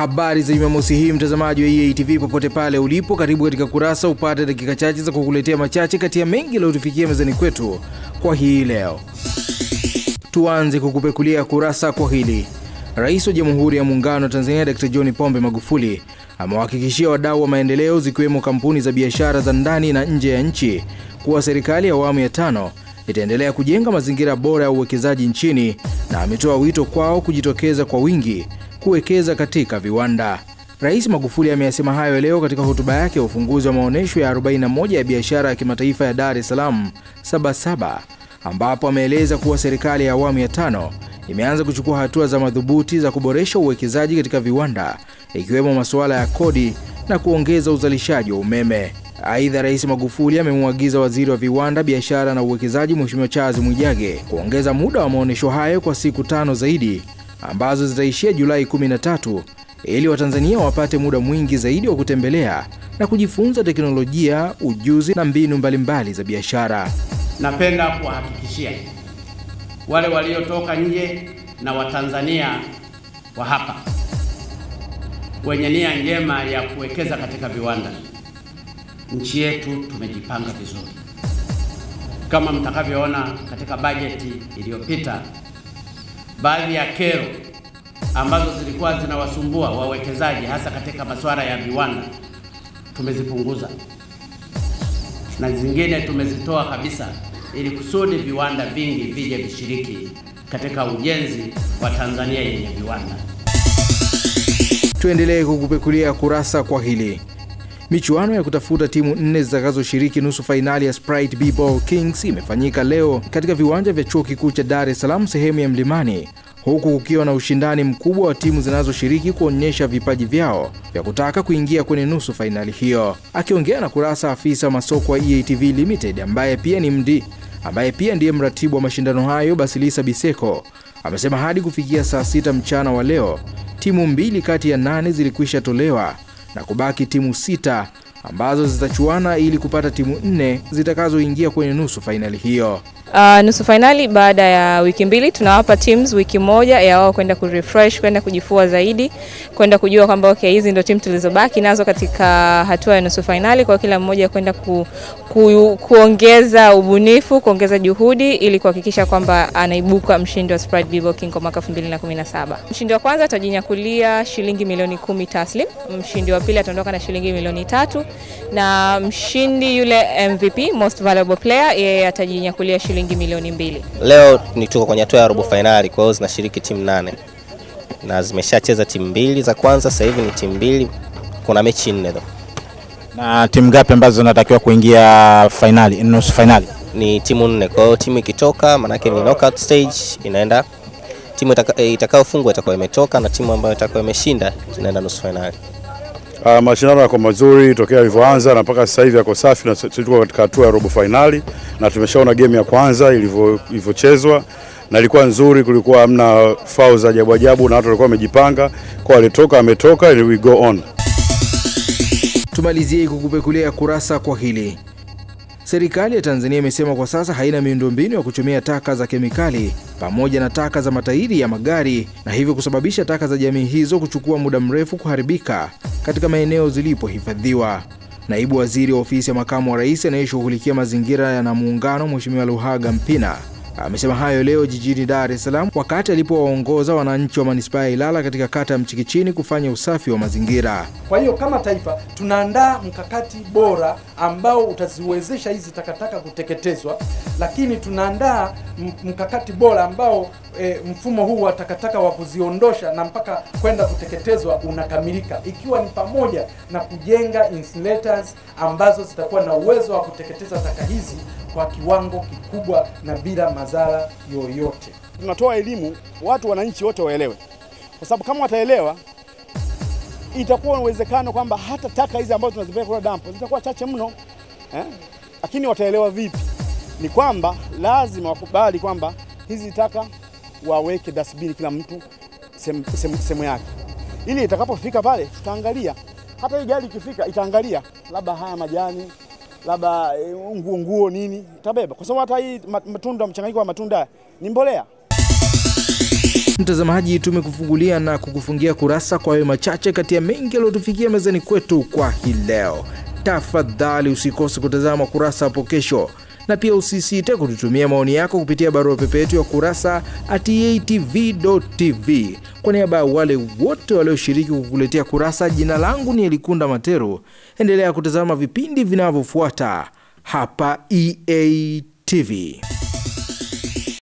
Habari za Jumamosi hii mtazamaji wa eatv popote pale ulipo, karibu katika Kurasa upate dakika chache za kukuletea machache kati ya mengi yaliyotufikia mezani kwetu kwa hii leo. Tuanze kukupekulia kurasa kwa hili. Rais wa Jamhuri ya Muungano wa Tanzania Dr. John Pombe Magufuli amewahakikishia wadau wa maendeleo zikiwemo kampuni za biashara za ndani na nje ya nchi kuwa serikali ya awamu ya tano itaendelea kujenga mazingira bora ya uwekezaji nchini na ametoa wito kwao kujitokeza kwa wingi kuwekeza katika viwanda. Rais Magufuli ameyasema hayo leo katika hotuba yake ya ufunguzi wa maonyesho ya 41 ya biashara ya kimataifa ya Dar es Salaam Sabasaba, ambapo ameeleza kuwa serikali ya awamu ya tano imeanza kuchukua hatua za madhubuti za kuboresha uwekezaji katika viwanda ikiwemo masuala ya kodi na kuongeza uzalishaji wa umeme. Aidha, Rais Magufuli amemwagiza waziri wa viwanda, biashara na uwekezaji, Mheshimiwa Charles Mwijage kuongeza muda wa maonyesho hayo kwa siku tano zaidi ambazo zitaishia Julai 13 ili Watanzania wapate muda mwingi zaidi wa kutembelea na kujifunza teknolojia, ujuzi na mbinu mbalimbali za biashara. Napenda kuwahakikishia wale waliotoka nje na Watanzania wa hapa wenye nia njema ya kuwekeza katika viwanda, nchi yetu tumejipanga vizuri, kama mtakavyoona katika bajeti iliyopita baadhi ya kero ambazo zilikuwa zinawasumbua wawekezaji hasa katika masuala ya viwanda tumezipunguza na zingine tumezitoa kabisa, ili kusudi viwanda vingi vije vishiriki katika ujenzi wa Tanzania yenye viwanda. Tuendelee kukupekulia kurasa kwa hili. Michuano ya kutafuta timu nne zitakazoshiriki nusu fainali ya Sprite B-Ball Kings imefanyika leo katika viwanja vya chuo kikuu cha Dar es Salaam sehemu ya Mlimani, huku kukiwa na ushindani mkubwa wa timu zinazoshiriki kuonyesha vipaji vyao vya kutaka kuingia kwenye nusu fainali hiyo. Akiongea na kurasa, afisa masoko wa EATV Limited ambaye pia ni MD ambaye pia ndiye mratibu wa mashindano hayo Basilisa Biseko amesema hadi kufikia saa sita mchana wa leo timu mbili kati ya nane zilikwisha tolewa na kubaki timu sita ambazo zitachuana ili kupata timu nne zitakazoingia kwenye nusu fainali hiyo. Uh, nusu fainali baada ya wiki mbili tunawapa teams wiki moja ya wao kwenda kurefresh, kwenda kujifua zaidi, kwenda kujua kwamba okay, hizi ndio timu tulizobaki nazo katika hatua ya nusu fainali, kwa kila mmoja kwenda ku, ku, kuongeza ubunifu, kuongeza juhudi ili kuhakikisha kwamba anaibuka mshindi wa Sprite Bebo King kwa mwaka 2017. Mshindi wa kwanza atajinyakulia shilingi milioni kumi taslim, mshindi wa pili ataondoka na shilingi milioni tatu na mshindi yule MVP most valuable player yeye atajinyakulia shilingi milioni mbili. Leo ni tuko kwenye hatua ya robo fainali, kwa hiyo zinashiriki timu nane na zimeshacheza timu mbili za kwanza, sasa hivi ni timu mbili, kuna mechi nne tho. Na timu ngapi ambazo zinatakiwa kuingia fainali, nusu fainali? Ni timu nne, kwa hiyo timu ikitoka, maanake ni knockout stage inaenda timu itakayofungwa itakuwa imetoka na timu ambayo itakuwa imeshinda inaenda nusu fainali. Uh, mashindano yako mazuri tokea yalivyoanza na mpaka sasa hivi yako safi, na tuko katika hatua ya robo fainali na tumeshaona game ya kwanza ilivyochezwa na ilikuwa nzuri, kulikuwa hamna fao za ajabu ajabu, na watu walikuwa wamejipanga kwa alitoka ametoka, and we go on. Tumalizie kukupekulia kurasa kwa hili. Serikali ya Tanzania imesema kwa sasa haina miundombinu ya kuchomea taka za kemikali pamoja na taka za matairi ya magari na hivyo kusababisha taka za jamii hizo kuchukua muda mrefu kuharibika katika maeneo zilipohifadhiwa. Naibu Waziri wa Ofisi ya Makamu wa Rais anayeshughulikia mazingira na muungano, Mheshimiwa Luhaga Mpina Amesema hayo leo jijini Dar es Salaam wakati alipowaongoza wananchi wa manispaa ya Ilala katika kata ya Mchikichini kufanya usafi wa mazingira. Kwa hiyo kama taifa tunaandaa mkakati bora ambao utaziwezesha hizi takataka kuteketezwa, lakini tunaandaa mkakati bora ambao e, mfumo huu wa takataka wa kuziondosha na mpaka kwenda kuteketezwa unakamilika, ikiwa ni pamoja na kujenga incinerators ambazo zitakuwa na uwezo wa kuteketeza taka hizi kwa kiwango kikubwa na bila madhara yoyote. Tunatoa elimu watu, wananchi wote waelewe, kwa sababu kama wataelewa itakuwa uwezekano kwamba hata taka hizi ambazo tunazipeleka kule dampo zitakuwa chache mno eh? Lakini wataelewa vipi? Ni kwamba lazima wakubali kwamba hizi taka waweke dasbini, kila mtu sehemu yake, ili itakapofika pale tutaangalia. Hata hii gari ikifika itaangalia labda haya majani labda eh, nguo nguo nini tabeba, kwa sababu hata hii matunda, mchanganyiko wa matunda ni mbolea. Mtazamaji, tumekufungulia na kukufungia kurasa kwa hayo machache kati ya mengi yaliyotufikia mezani kwetu kwa hii leo. Tafadhali usikose kutazama kurasa hapo kesho na pia usisite kututumia maoni yako kupitia barua pepe yetu ya kurasa atatvtv. Kwa niaba ya wale wote walioshiriki kukuletea Kurasa, jina langu ni Elikunda Materu. Endelea kutazama vipindi vinavyofuata hapa eatv TV.